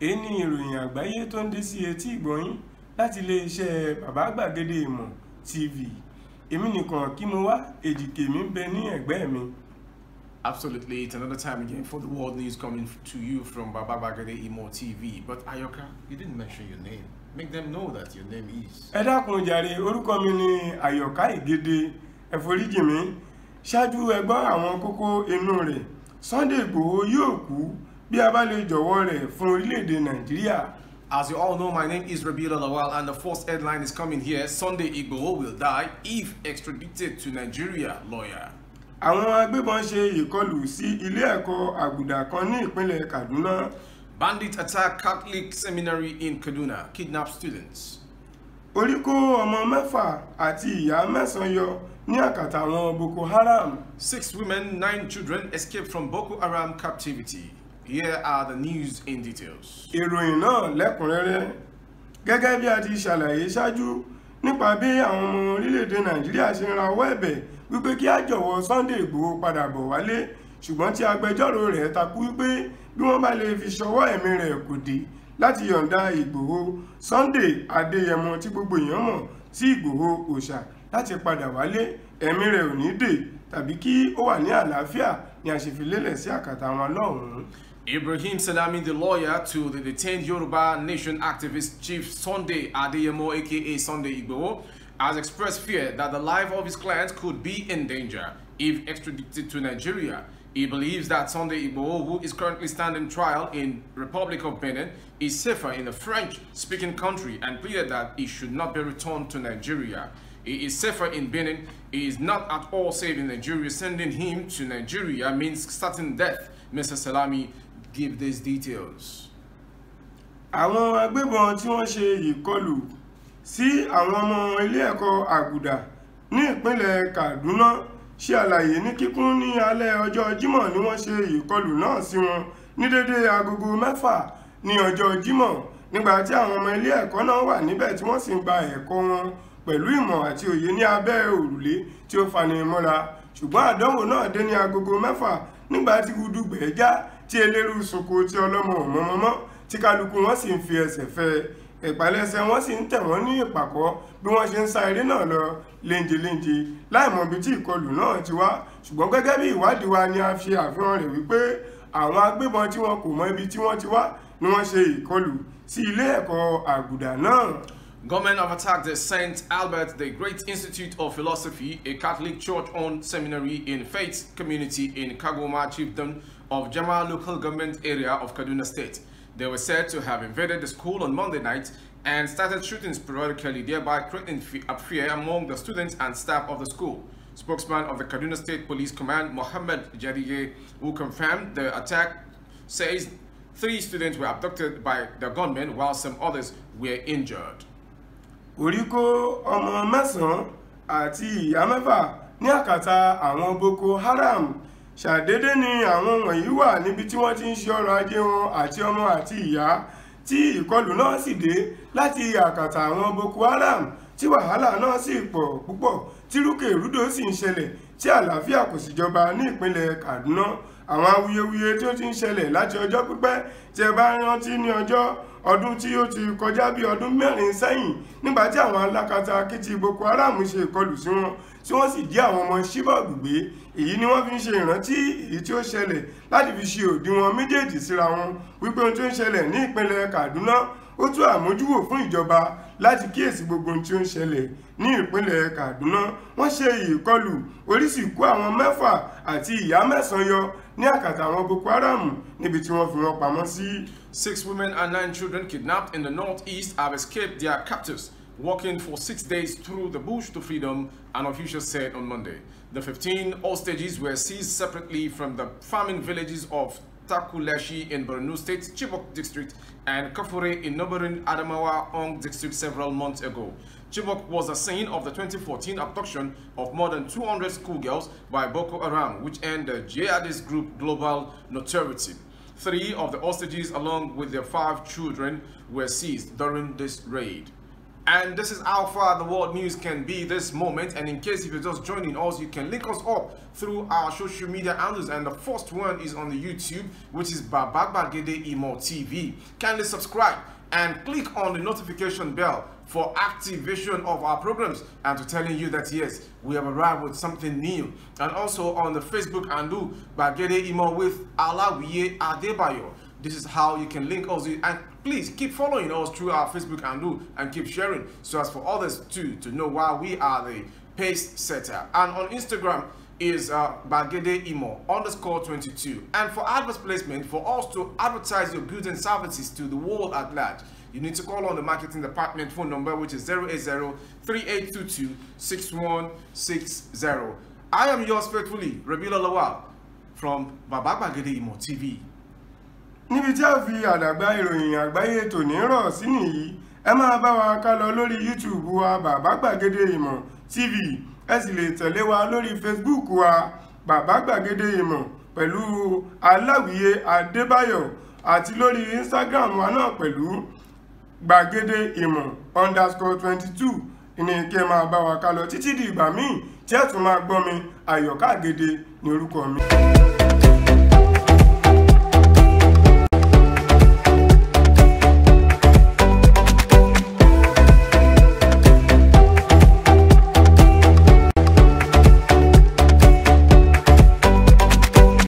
èyí ìròyìn àgbáyé tó ń dé sí etí ìgbọ̀nyín láti iléeṣẹ́ bàbá gbàgede ìmọ̀ tv èmi nìkan kí mo wá èjìké mi ń bẹ ní ẹ̀gbẹ́ mi. Absolutely, it's another time again for the world news coming to you from Baba Bagade Imo TV. But Ayoka, you didn't mention your name. Make them know that your name is. Ẹ dákun jàre, orúkọ mi ni Ayoka Igede, ẹ foríjì mi. Ṣáájú ẹ àwọn kókó inú rẹ̀, Sunday Igboho yóò kú bí a bá lè jọ̀wọ́ rẹ̀ fún orílẹ̀-èdè nàìjíríà. As you all know, my name is Rabiul Lawal and the first headline is coming here. Sunday Igboho will die if extradited to Nigeria, lawyer. Àwọn agbébọn ṣe ìkọlù sí ilé ẹ̀kọ́ àgùdà kan ní ìpínlẹ̀ Kaduna. Bandit attack Catholic Seminary in Kaduna, kidnap students. Orí kó ọmọ mẹ́fà àti ìyá mẹ́sàn-án yọ ní àkàtà àwọn Boko Haram. Six women, nine children escaped from Boko Haram captivity. Here are the news in details. Ìròyìn náà lẹ́kùnrẹ́rẹ́. Gẹ́gẹ́ bí a ti ṣàlàyé ṣáájú nípa bí àwọn ọmọ orílẹ̀-èdè Nàìjíríà ṣe ń rawọ́ ẹ̀bẹ̀ wípé kí á jọ̀wọ́ Sunday Ìgbòho padà bọ̀ wálé ṣùgbọ́n tí agbẹjọ́rò rẹ̀ takú wípé bí wọ́n bá lè fi ṣọwọ́ ẹ̀mí rẹ̀ kò dé láti yọ̀ǹda Ìgbòho Sunday Adéyẹmọ tí gbogbo èèyàn mọ̀ sí Ìgbòho òòṣà láti padà wálé ẹ̀mí rẹ̀ ò ní dè tàbí kí ó wà ní àlàáfíà ni a ṣe fi lélẹ̀ sí àkàtà wọn lọ́hùn-ún Ibrahim Salami, the lawyer to the detained Yoruba Nation activist Chief Sunday Adeyemo, aka Sunday Igbo, has expressed fear that the life of his client could be in danger if extradited to Nigeria. He believes that Sunday Igbo, who is currently standing trial in Republic of Benin, is safer in a French-speaking country and pleaded that he should not be returned to Nigeria. He is safer in Benin. He is not at all safe in Nigeria. Sending him to Nigeria means certain death, Mr. Salami give these details. àwọn agbébọn tí wọ́n ṣe ìkọlù sí àwọn ọmọ ilé ẹ̀kọ́ àgùdà ní ìpínlẹ̀ Kaduna ṣe àlàyé ní kíkún ní alẹ́ ọjọ́ Jímọ̀ ni wọ́n ṣe ìkọlù náà sí wọn ní dédé agogo mẹ́fà ní ọjọ́ Jímọ̀ nígbà tí àwọn ọmọ ilé ẹ̀kọ́ náà wà níbẹ̀ tí wọ́n sì ń gba ẹ̀kọ́ wọn pẹ̀lú ìmọ̀ àti òye ní abẹ́ òrùlé tí ó fani mọ́ra ṣùgbọ́n àdánwò náà dé ní agogo mẹ́fà nígbà tí gudugbẹ̀ já tí elérú sòkò tí ọlọ́mọ òmọmọmọ tí kálukú wọn sì ń fi ẹsẹ̀ fẹ́ ìpalẹ́sẹ̀ wọn sì ń tẹ̀ wọ́n ní ìpàkọ́ bí wọ́n ṣe ń sa eré náà lọ léńjeléńje láìmọ̀ ibi tí ìkọlù náà ti wá ṣùgbọ́n gẹ́gẹ́ bí ìwádìí wa ni a fi àfihàn rẹ̀ wípé àwọn agbébọn tí wọn kò mọ ibi tí wọ́n ti wá ni wọ́n ṣe ìkọlù sí ilé ẹ̀kọ́ àgùdà náà Government have attacked the St. Albert the Great Institute of Philosophy, a Catholic church-owned seminary in faith community in Kagoma Chiefdom of Jama local government area of Kaduna State. They were said to have invaded the school on Monday night and started shooting sporadically, thereby creating a uh, fear among the students and staff of the school. Spokesman of the Kaduna State Police Command, Mohammed Jadiye, who confirmed the attack, says three students were abducted by the gunmen while some others were injured. orí kó ọmọ mẹ́sàn-án àti ìyá mẹ́fà ní àkàtà àwọn Boko Haram ṣàdédé ni àwọn wọ̀nyí wà níbi tí wọ́n ti ń ṣe ọrọ̀ ajé wọn àti ọmọ àti ìyá tí ìkọlù náà sì dé láti àkàtà àwọn Boko Haram tí wàhálà náà sì pọ̀ púpọ̀ tí rúkèrúdò sì ń ṣẹlẹ̀ tí àlàáfíà kò sì jọba ní ìpínlẹ̀ Kaduna àwọn awuyewuye tí ó ti ń ṣẹlẹ̀ láti ọjọ́ pípẹ́ tí ẹ bá rántí ní ọjọ́ ọdún tí ó ti kọjá bí ọdún mẹ́rin sẹ́yìn nígbà tí àwọn alákatà akitì Boko Haram ṣe ìkọlù sí wọn tí wọ́n sì jí àwọn ọmọ Chibok gbé èyí ni wọ́n fi ń ṣe ìrántí èyí tí ó ṣẹlẹ̀ láti fi ṣe òdiwọ̀n méjèèjì síra wọn wípé ohun tí ó ń ṣẹlẹ̀ ní ìpínlẹ̀ Kaduna ó tú àmójúwò fún ìjọba láti kíyèsí gbogbo ohun tí ó ń ṣẹlẹ̀ ní ìpínlẹ̀ Kaduna wọ́n ṣe ìkọlù orí sì kó àwọn mẹ́fà àti ìyá mẹ́sàn-án yọ ní àkàtà àwọn Boko Haram níbi tí wọ́n fi wọn pamọ́ sí Six women and nine children kidnapped in the northeast have escaped their captors, walking for six days through the bush to freedom, an official said on Monday. The 15 hostages were seized separately from the farming villages of Takuleshi in Borno State, Chibok District, and Kafure in neighboring Adamawa Ong District several months ago. Chibok was the scene of the 2014 abduction of more than 200 schoolgirls by Boko Haram, which earned the jihadist group global notoriety. Three of the hostages, along with their five children, were seized during this raid. And this is how far the world news can be this moment. And in case if you're just joining us, you can link us up through our social media handles. And the first one is on the YouTube, which is Babak Bagede Imo TV. Kindly subscribe and click on the notification bell for activation of our programs and to telling you that yes we have arrived with something new and also on the facebook and do by getting email with alawiye adebayo this is how you can link us and please keep following us through our facebook and do and keep sharing so as for others too to know why we are the pace setter and on instagram is uh, Bagede Imo underscore 22. And for adverse placement, for us to advertise your goods and services to the world at large, you need to call on the marketing department phone number, which is 080-3822-6160. I am yours faithfully, Rabila Lawal, from Baba Bagede Imo TV. Nibijavi tí a fi àdàgbà ìròyìn àgbáyé tòní rọ̀ sí nìyí Ema bá wa ká lórí youtube wa bàbá gbàgede ìmọ̀ tv ẹ sì lè tẹ̀lé wa lórí Facebook wa bàbá gbàgede ìmọ̀ pẹ̀lú aláwìyé adébáyọ̀ àti lórí Instagram wa náà pẹ̀lú gbàgede ìmọ̀ underscore twenty two ní kí ẹ máa bá wa ká lọ títí di ìgbà míì tí ẹ tún máa gbọ́ mi àyọ̀ká gèdè ní orúkọ mi.